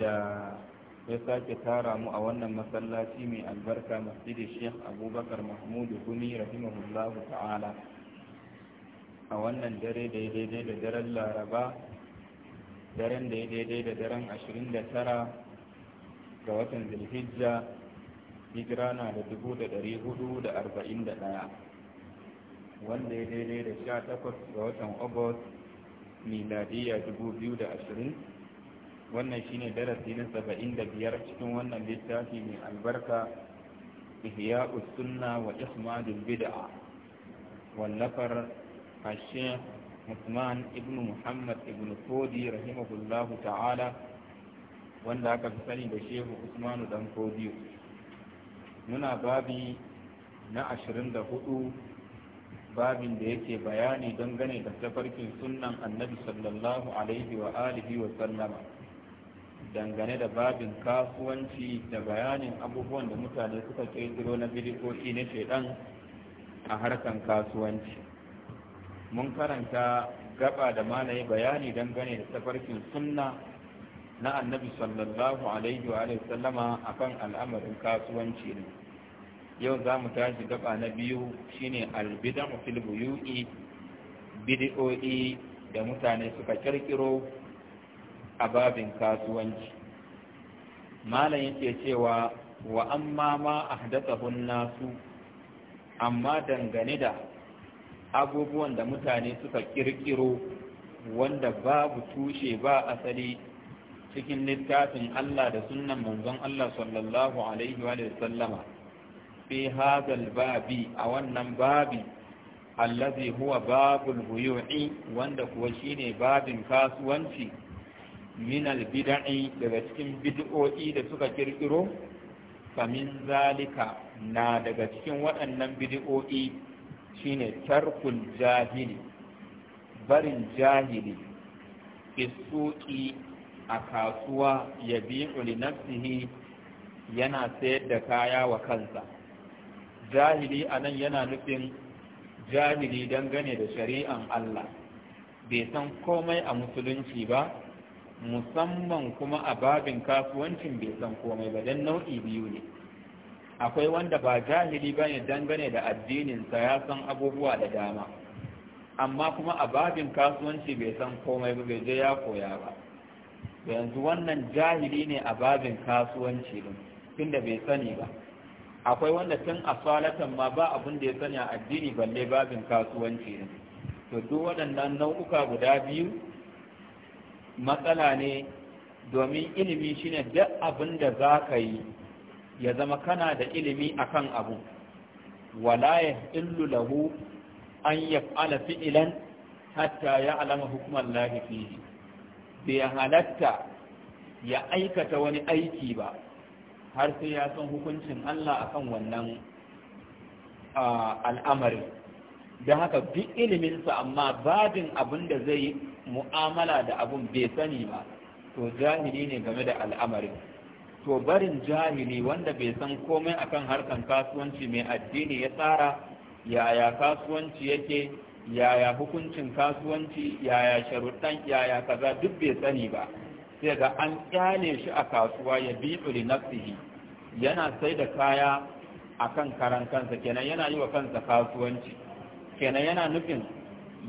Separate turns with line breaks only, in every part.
da ya sake tara mu a wannan masallaci mai albarka masjidi sheikh abubakar mahmudu gumi rahimahullahu ta'ala a wannan dare da daidai da daren laraba daren da daidai da daren 29 ga watan zulhijja hijira na da 1441 wanda ya daidai da 18 ga watan august miladiyya 2020 wannan shine darasi na saba'in da biyar cikin wannan littafi mai albarka ihya sunna wa ihmadul bid'a wallafar hashin Usman ibn Muhammad ibn Fodi rahimahullahu ta'ala wanda aka fi sani da Shehu Usmanu dan fodi muna babi na ashirin da hudu babin da yake bayani dangane da tafarkin sunnan annabi sallallahu alaihi wa alihi wa sallama dangane da babin kasuwanci da bayanin abubuwan da mutane suka ƙirƙiro na bidikoki na shaidan a harkan kasuwanci mun karanta gaba da malaye bayani dangane da tafarkin sunna na annabi sallallahu alaihi wa sallama akan al'amarin kasuwanci ne yau za mu tashi gaba na biyu shine albidan fil buyu'i bid'o'i da mutane suka ƙirƙiro. a babin kasuwanci malam yake cewa wa amma ma ahdathahun nasu amma dangane da abubuwan da mutane suka kirkiro wanda babu tushe ba asali cikin littafin Allah da sunnan manzon Allah sallallahu alaihi wa sallama fi hadal babi a wannan babi allazi huwa babul buyu'i wanda kuwa shine babin kasuwanci minal bidai daga cikin bid'o'i da suka kirkiro famin zalika na daga cikin waɗannan bid'o'i shine tarkul jahili barin jahili isuki a kasuwa ya bi'u li nafsihi yana sayar da kaya wa kansa jahili anan yana nufin jahili dangane da shari'an Allah bai san komai a musulunci ba musamman kuma a babin kasuwancin bai san komai ba don nau'i biyu ne akwai wanda ba jahili bane dangane da addininsa ya san abubuwa da dama amma kuma a babin kasuwanci bai san komai ba bai je ya koya ba yanzu wannan jahili ne a babin kasuwanci din tunda bai sani ba akwai wanda tun a falatan ma ba abin da ya sani a addini balle babin kasuwanci din to duk waɗannan nau'uka guda biyu matsala ne domin ilimi shine duk abin da za ka yi ya zama kana da ilimi akan abu wala ya illu lahu an yaf'ala fi'ilan hatta ya hukumar lahi da bai halatta ya aikata wani aiki ba har sai ya san hukuncin Allah akan wannan al'amari don haka bi iliminsa amma babin abin da zai mu'amala da abun bai sani ba to jahili ne game da al'amarin to barin jahili wanda bai san komai akan harkan kasuwanci mai addini ya tsara yaya kasuwanci yake yaya hukuncin kasuwanci yaya sharuɗan yaya kaza duk bai sani ba sai ga an kyale shi a kasuwa ya bi li nafsihi yana sai da kaya akan karan kansa kenan yana yi wa kansa kasuwanci kenan yana nufin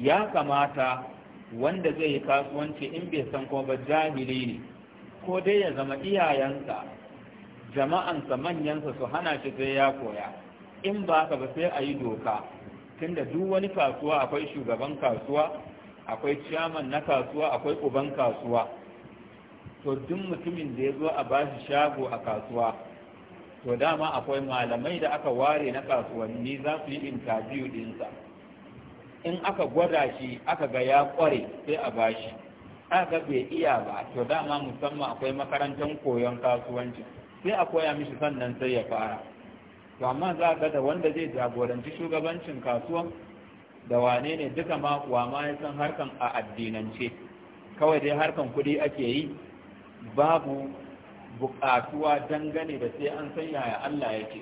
ya kamata wanda zai yi kasuwanci in bai san kuma ba jahili ne ko dai ya zama iyayensa jama'ansa manyansa su hana shi sai ya koya in ba haka ba sai a yi doka tunda duk wani kasuwa akwai shugaban kasuwa akwai ciyaman na kasuwa akwai uban kasuwa to duk mutumin da ya zo a ba shi shago a kasuwa to dama akwai malamai da aka ware na kasuwanni za su yi intabiyu ɗinsa. in aka gwada shi aka ga ya kware sai a bashi aka bai iya ba to dama musamman akwai makarantar koyon kasuwanci sai a koya mishi sannan sai ya fara to amma za ga da wanda zai jagoranci shugabancin kasuwan da wane ne duka ma kuwa ma ya san harkan a addinance kawai dai harkan kuɗi ake yi babu buƙatuwa dangane da sai an san yaya Allah yake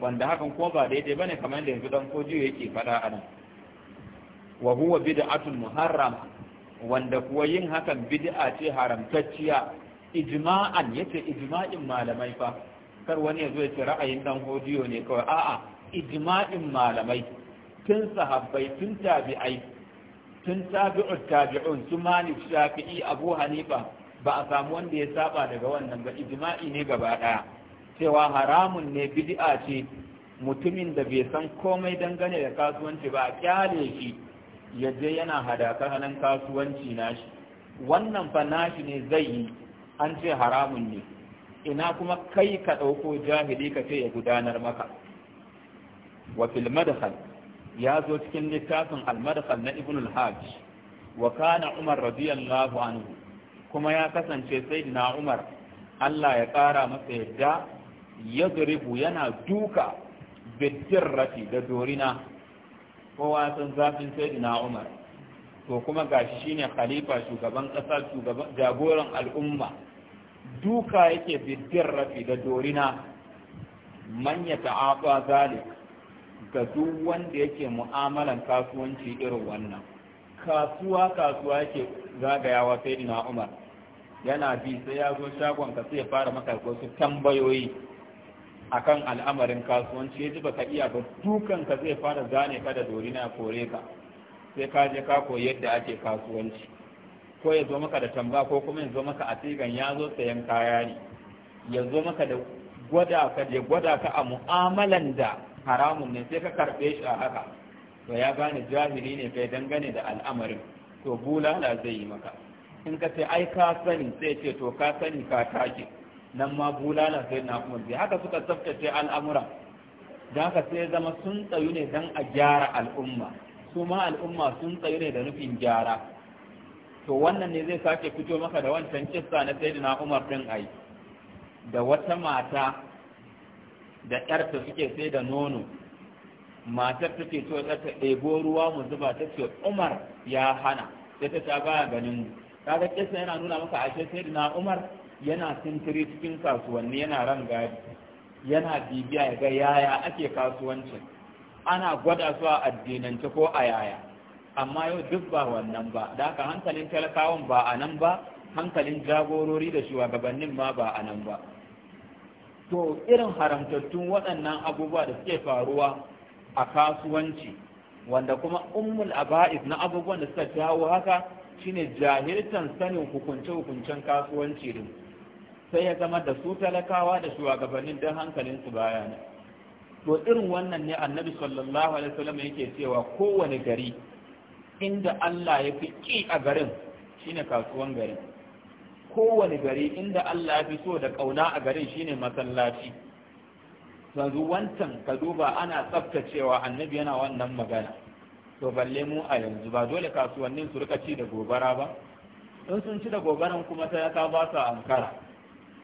wanda hakan ko ba daidai bane kamar da yanzu dan kojiyo yake faɗa a nan wa huwa bid'atul muharrama wanda kuwa yin hakan bid'a ce haramtacciya ijma'an yace ijma'in malamai fa kar wani yazo ya ce ra'ayin dan hodiyo ne kawai a'a ijma'in malamai tun sahabbai tun tabi'ai tun tabi'u tabi'un su mani shafi'i abu hanifa ba a samu wanda ya saba daga wannan ba ijma'i ne gaba daya cewa haramun ne bid'a ce mutumin da bai san komai dangane da kasuwanci ba a kyale shi yaje yana hadaka nan kasuwanci nashi wannan fa nashi ne zai yi an ce haramun ne ina kuma kai ka ɗauko jahili ka ce ya gudanar maka wa fil ya zo cikin littafin al madkhal na ibn al hajj wa kana umar radiyallahu anhu kuma ya kasance sayyidina umar Allah ya ƙara masa yadda ya yana duka bidirrati da dorina kowa san zafin sai ina Umar to kuma gashi shine khalifa shugaban kasa shugaban jagoran al'umma duka yake biddin rafi da dorina man ya ta'afa zalik ga duk wanda yake mu'amalan kasuwanci irin wannan kasuwa kasuwa yake zagayawa sai ina umar yana bi sai ya zo shagon ka sai ya fara maka wasu tambayoyi akan al'amarin kasuwanci ya ji baka iya ba dukan ka zai fara zane ka da dorina kore ka sai ka je ka koyi yadda ake kasuwanci ko ya zo maka da tamba ko kuma ya zo maka a sigan ya zo sayan kaya ne ya zo maka da gwada ka je gwada ka a mu'amalan da haramun ne sai ka karɓe shi a haka to ya gane jahili ne kai dangane da al'amarin to bulala zai yi maka in ka ce ai ka sani sai ce to ka sani ka take nan ma bulala sai na kuma zai haka suka tsaftace al'amura da haka sai zama sun tsayu ne don a gyara al'umma su ma al'umma sun tsayu ne da nufin gyara to wannan ne zai sake fito maka da wancan kissa na sai na Umar din ai da wata mata da ƴarta suke sai da nono matar take so ta ɗebo ruwa mu zuba ta ce Umar ya hana sai ta ta baya ganin mu kaga kissa yana nuna maka ashe na Umar yana sintiri cikin kasuwanni yana ran gadi yana bibiya ya ga yaya ake kasuwancin ana gwada su a addinance ko a yaya amma yau duk ba wannan ba da haka hankalin talakawan ba a nan ba hankalin jagorori da shugabannin ma ba a nan ba to irin haramtattun waɗannan abubuwa da suke faruwa a kasuwanci wanda kuma ummul aba'is na abubuwan da suka jawo haka shine jahiltan sanin hukunce-hukuncen kasuwanci din sai ya zama da su talakawa da shugabannin don hankalinsu baya ne to irin wannan ne annabi sallallahu alaihi wasallam yake cewa kowane gari inda Allah ya fi ki a garin shine kasuwan garin kowane gari inda Allah ya fi so da ƙauna a garin shine masallaci yanzu wancan ka duba ana tsaftacewa annabi yana wannan magana to balle mu a yanzu ba dole kasuwannin su rika ci da gobara ba in sun ci da gobaran kuma sai ka ba su ankara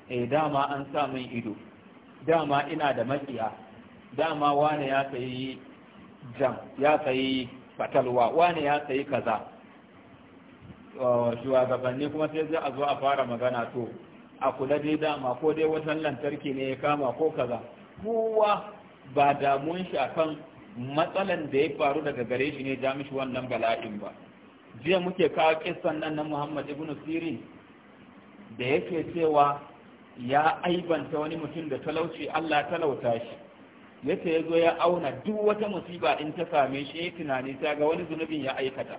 eh dama an sa min ido dama ina da makiya dama wane ya sayi jam ya sayi fatalwa wane ya sayi kaza eh, shugabanni kuma sai zai zo a fara magana to a kula dai dama ko dai watan lantarki ne ya kama ko kaza kowa ba damuwan shi akan matsalan da ya faru daga gare shi ne ja wannan bala'in ba jiya muke kawo kissan nan na Muhammad ibn Sirin da yake cewa ya aibanta wani mutum da talauci Allah talauta shi yace yazo ya auna duk wata musiba in ta same shi ya tunani ta ga wani zunubin ya aikata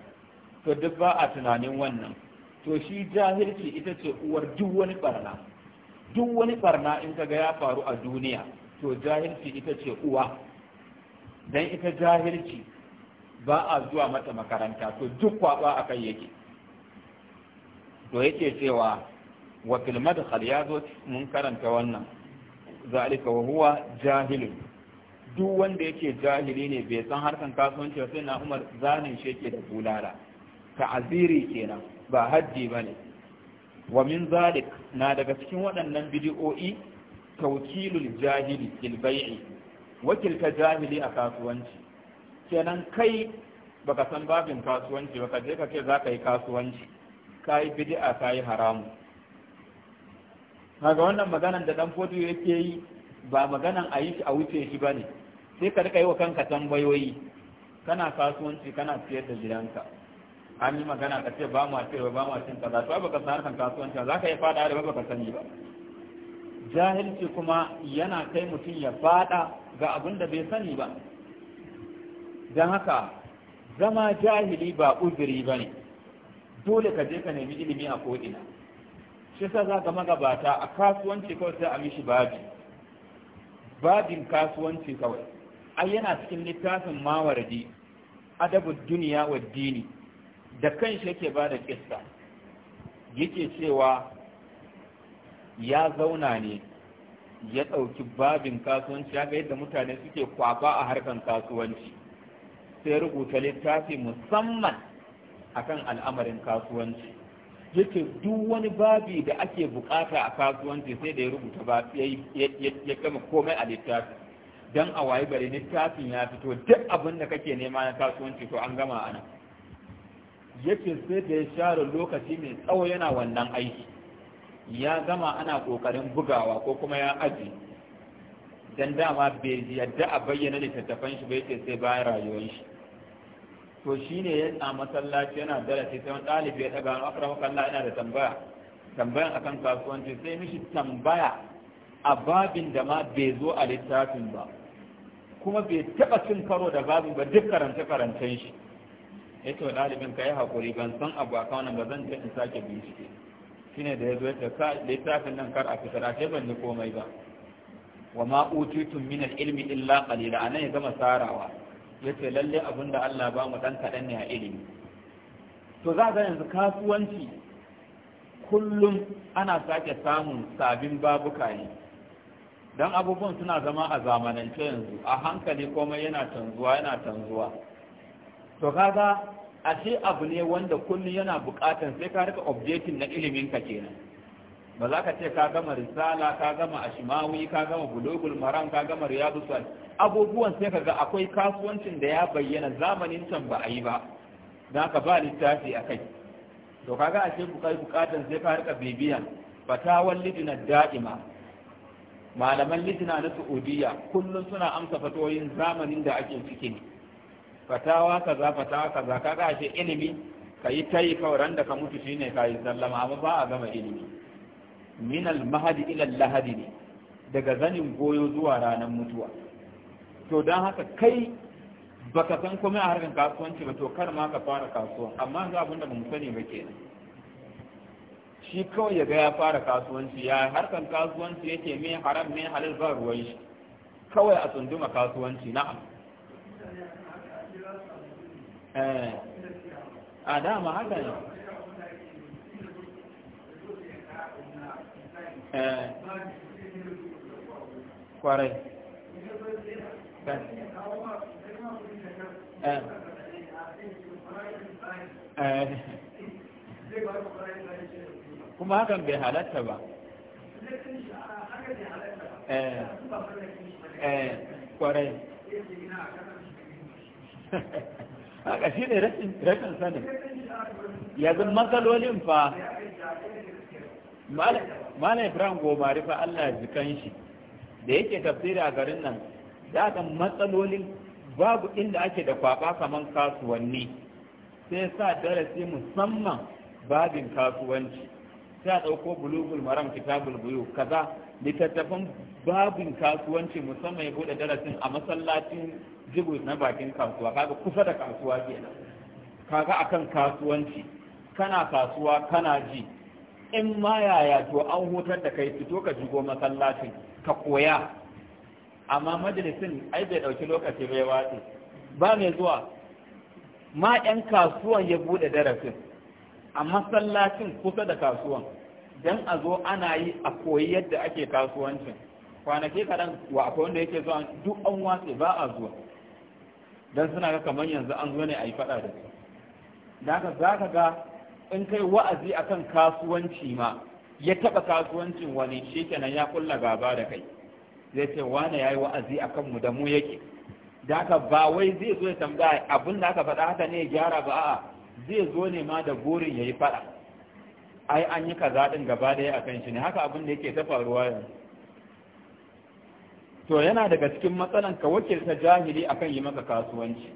to duk ba a tunanin wannan to shi jahilci ita ce uwar duk wani barna duk wani barna in ka ga ya faru a duniya to jahilci ita ce uwa dan ita jahilci ba a zuwa mata makaranta to duk kwaba akan yake to yake cewa wa fil madkhal ya zo mun karanta wannan zalika wa huwa jahilun duk wanda yake jahili ne bai san harkan kasuwanci sai na Umar zanin shi yake da bulala ta'aziri kenan ba haddi bane wa min zalik na daga cikin waɗannan bidi'o'i tawkilul jahili fil bai'i wakilta jahili a kasuwanci kenan kai baka san babin kasuwanci ba ka je ka ce za ka yi kasuwanci ka yi bid'a kai haramu kaga wannan maganan da dan fodu yake yi ba maganan a yi a wuce shi bane sai ka rika yi wa kanka tambayoyi kana kasuwanci kana siyar da gidanka an yi magana ka ce ba mu cewa ba mu cin kaza to baka san harkan kasuwanci za ka yi fada da baka sani ba jahilci kuma yana kai mutum ya fada ga abin da bai sani ba don haka zama jahili ba uzuri ba ne dole ka je ka nemi ilimi a ko'ina shi sa za ka magabata a kasuwanci kawai sai a mishi babi babin kasuwanci kawai ai yana cikin littafin mawardi adabu duniya wa dini da kanshi yake ba da kissa yake cewa ya zauna ne ya ɗauki babin kasuwanci ya ga yadda mutane suke kwaba a harkan kasuwanci sai rubuta littafi musamman akan al'amarin kasuwanci yace duk wani babi da ake bukata a kasuwanci sai da ya rubuta ba ya gama komai a littafi dan a wayi bari littafin ya fito duk abin da kake nema na kasuwanci to an gama ana yace sai da ya share lokaci mai tsawo yana wannan aiki ya gama ana kokarin bugawa ko kuma ya aji dan dama bai yadda a bayyana littattafan shi bai ce sai bayan rayuwar shi to shine ya a masallaci yana darasi sai ɗalibi ya ɗaga akwai makalla yana da tambaya tambayan akan kasuwanci sai mishi tambaya a babin da ma bai zo a littafin ba kuma bai taɓa cin karo da babin ba duk karance karancen shi ya ce wa ɗalibin ka yi haƙuri ban san abu a kawunan ba zan je in sake bincike shine da ya zo ya littafin nan kar a fitar a ban ni komai ba wa ma utitum min al-ilmi illa qalila anan ya gama sarawa ya ce lalle abin da Allah ba mu ɗan kaɗan ne a ilimi to za ga yanzu kasuwanci kullum ana sake samun sabin babuka ne don abubuwan suna zama a zamanance yanzu a hankali komai yana canzuwa yana canzuwa to kaga ashe abu ne wanda kullum yana bukatan sai ka rika objectin na ilimin ka kenan ba za ka ce ka gama risala ka gama ashimawi ka gama bulugul maram ka gama riyadu sal abubuwan sai kaga akwai kasuwancin da ya bayyana zamanin can ba a yi ba don ka ba littafi a kai to kaga ashe bukai bukatan sai ka harka bibiyan fatawan litina da'ima malaman lidina na su'udiyya kullum suna amsa fatoyin zamanin da ake ciki fatawa kaza fatawa kaza kaga ashe ilimi ka yi ta yi kawai da ka mutu shine ka yi sallama amma ba a gama ilimi min al-mahadi ila lahadi ne daga zanin goyo zuwa ranar mutuwa to don haka kai baka san komai a harkar kasuwanci ba to kar ma ka fara kasuwa amma ga abin da mu sani ba kenan shi kawai ya ga ya fara kasuwanci ya harkar kasuwanci yake me haram me halal ba ruwan shi kawai a tsunduma kasuwanci na'am eh a dama haka ne Eh. kwarai eh. Eh. kuma hakan bai halatta ba kwarai
a ƙashi ne rashin sanin
yanzu matsalolin fa malam ibrahim gomari fa allah jikan shi da yake tafsiri a garin nan za ta matsalolin babu inda ake da kwaba kaman kasuwanni sai sa darasi musamman babin kasuwanci sai a ɗauko bulugul maram kitabul buyu kaza litattafan babin kasuwanci musamman ya bude darasin a masallacin jibu na bakin kasuwa kaga kusa da kasuwa kenan kaga akan kasuwanci kana kasuwa kana ji in ma yaya to an hutar da kai fito ka shigo masallacin ka koya amma majalisin ai bai ɗauki lokaci bai watsi ba mai zuwa ma 'yan kasuwan ya buɗe darasin a masallacin kusa da kasuwan don a zo ana yi a koyi yadda ake kasuwancin kwanaki kaɗan wa akwai wanda yake zuwa duk an watsi ba a zuwa don suna ga kamar yanzu an zo ne a yi faɗa da su da haka za ka ga in kai wa'azi a kan kasuwanci ma ya taɓa kasuwancin wani shikenan ya kulla gaba da kai zai ce wane ya yi wa'azi kan mu da mu yake da haka ba wai zai zo ya tambaya abin da aka faɗa haka ne ya gyara ba a'a zai zo ne ma da burin yi faɗa ai an yi kaza ɗin gaba daya kan shi ne haka abin da yake ta faruwa yanzu to yana daga cikin matsalan ka wakilta jahili akan yi maka kasuwanci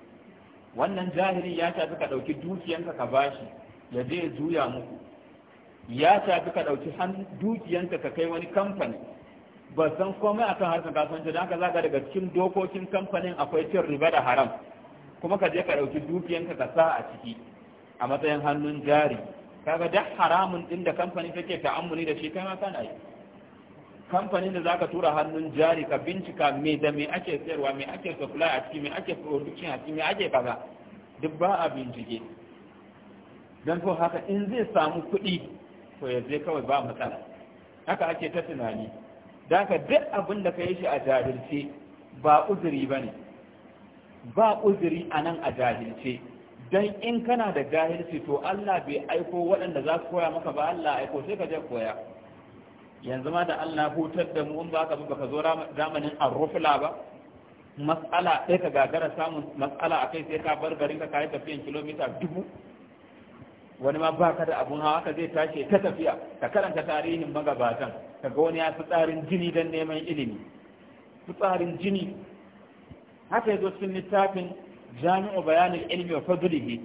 wannan jahili ya shafi ka ɗauki dukiyanka ka bashi ya je juya muku ya tafi ka ɗauki dukiyanka ka kai wani kamfani ba san komai akan harkar kasuwanci don haka zaka daga cikin dokokin kamfanin akwai cin riba da haram kuma ka je ka ɗauki dukiyanka ka sa a ciki a matsayin hannun jari kaga duk haramun din da kamfani take ta'ammuli da shi kai ma kana yi kamfanin da zaka tura hannun jari ka bincika me da me ake sayarwa me ake supply a ciki me ake production a ciki me ake kaza duk ba a bincike don to haka in zai samu kuɗi to ya zai kawai ba matsala haka ake ta tunani da ka duk abin da ka yi shi a jahilce ba uzuri ba ne ba uzuri a nan a jahilce don in kana da jahilci to Allah bai aiko waɗanda za su koya maka ba Allah aiko sai ka je koya yanzu ma da Allah hutar da mu in ba ka ka zo zamanin arrufula ba matsala ɗaya ka gagara samun matsala a kai sai ka bar garin ka kayi tafiyan kilomita dubu wani ma ba ka da abun hawa ka zai tashi ta tafiya ka karanta tarihin magabatan ka ga wani ya fi tsarin jini don neman ilimi fi tsarin jini haka yazo cikin littafin jami'u bayanin ilmi wa fadlihi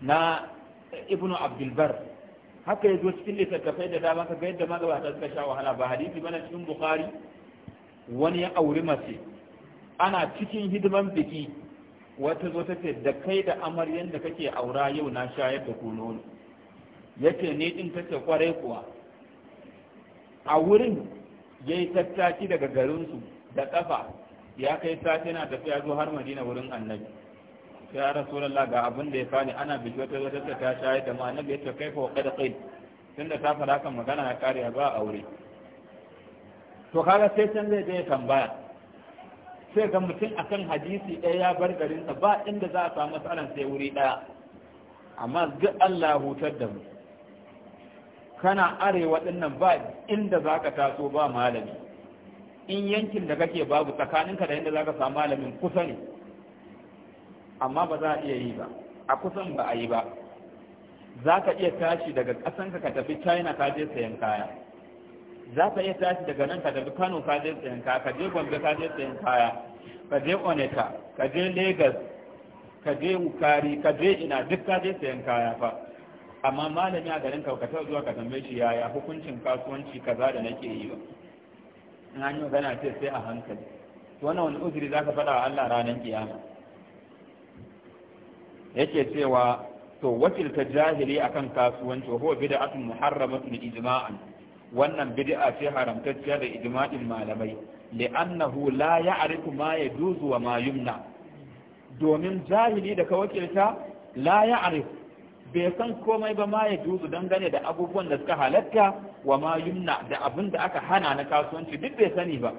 na ibnu abdulbar haka yazo cikin littattafai da dama ka ga yadda magabatan suka sha wahala ba hadisi bana cikin bukhari wani ya auri mace ana cikin hidiman biki wata zo ta ce da kai da amaryan da kake aura yau na shayar da ku nono yace ne din ta ce kwarai kuwa a wurin ya yi tattaki daga garinsu da ƙafa ya kai sati na tafiya zuwa har madina wurin annabi ya rasulullah ga abin da ya fani ana biki wata zo ta ta shayar da ma annabi ya ce kai fa kada kai da ta fara kan magana ya kare ba aure to kaga sai can zai je tambaya sai ga mutum akan hadisi ɗaya ya bar garinsa ba inda za a samu matsalan sai wuri ɗaya amma ga Allah hutar da mu kana arewa ɗinnan ba inda za ka taso ba malami in yankin da kake babu tsakaninka da inda za ka samu malamin kusa ne amma ba za a iya yi ba a kusan ba a yi ba za ka iya tashi daga ƙasanka ka tafi china ka je sayan kaya za ka iya tashi daga nan ka tafi Kano ka je tsayin kaya ka je Gombe ka je tsayin kaya ka je Onitsha ka je Lagos ka je Wukari ka je ina duk ka je tsayin kaya fa amma malami a garin kaukata zuwa ka tambaye shi yaya hukuncin kasuwanci kaza da nake yi ba in an yi magana ce sai a hankali to wannan wani uzuri zaka faɗa wa Allah ranar kiyama yake cewa to wakilta jahili akan kasuwanci wa huwa bid'atun muharramatun ijma'an wannan bid'a ce haramtacciya da ijma'in malamai li'annahu la ya'rifu ma yajuzu wa ma yumna domin jahili da ka wakilta la ya'rif bai san komai ba ma duzu dangane da abubuwan da suka halatta wa ma yumna da abin da aka hana na kasuwanci duk bai sani ba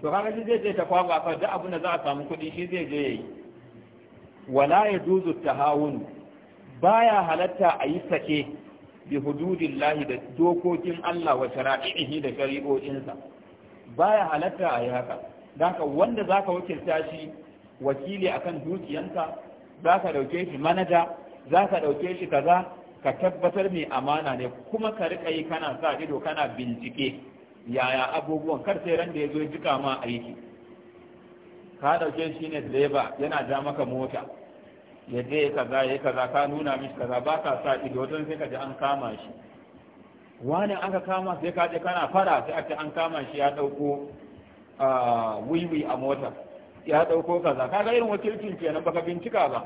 to kaga shi zai je ta kwaba fa duk abin da za a samu kuɗi shi zai je yayi wala yajuzu tahawun baya halatta a yi sake bi hududillahi da dokokin Allah wa shara'ihi da shari'o'insa baya halatta a yi haka haka wanda zaka wakilta shi wakili akan dukiyanka zaka dauke shi manaja zaka dauke shi kaza ka tabbatar mai amana ne kuma ka rika yi kana sa ido kana bincike yaya abubuwan kar sai ran da yazo jika ma aiki ka dauke shi ne direba yana ja maka mota ya je ya kaza ya kaza ka nuna mishi kaza ba ka sa ido don sai ka ji an kama shi wani aka kama sai ka je kana fara sai a ce an kama shi ya dauko wiwi a mota ya dauko kaza Ka ga irin wakilcin kenan baka bincika ba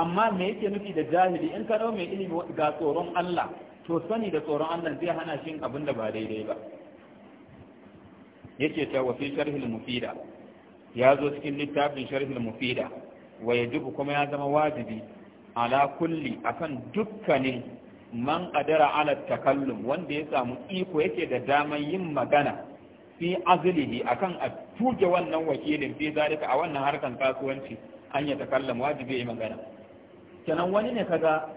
amma me yake nufi da jahili in ka mai ilimi ga tsoron Allah to sani da tsoron Allah zai hana shi abin da ba daidai ba yake ta wasi sharhil mufida ya zo cikin littafin sharhil mufida wa yajibu kuma ya zama wajibi ala kulli akan dukkanin man qadara ala takallum wanda ya samu iko yake da daman yin magana fi azlihi akan a tuge wannan wakilin fi zalika a wannan harkan kasuwanci an ya takallam wajibi yi magana kenan wani ne kaga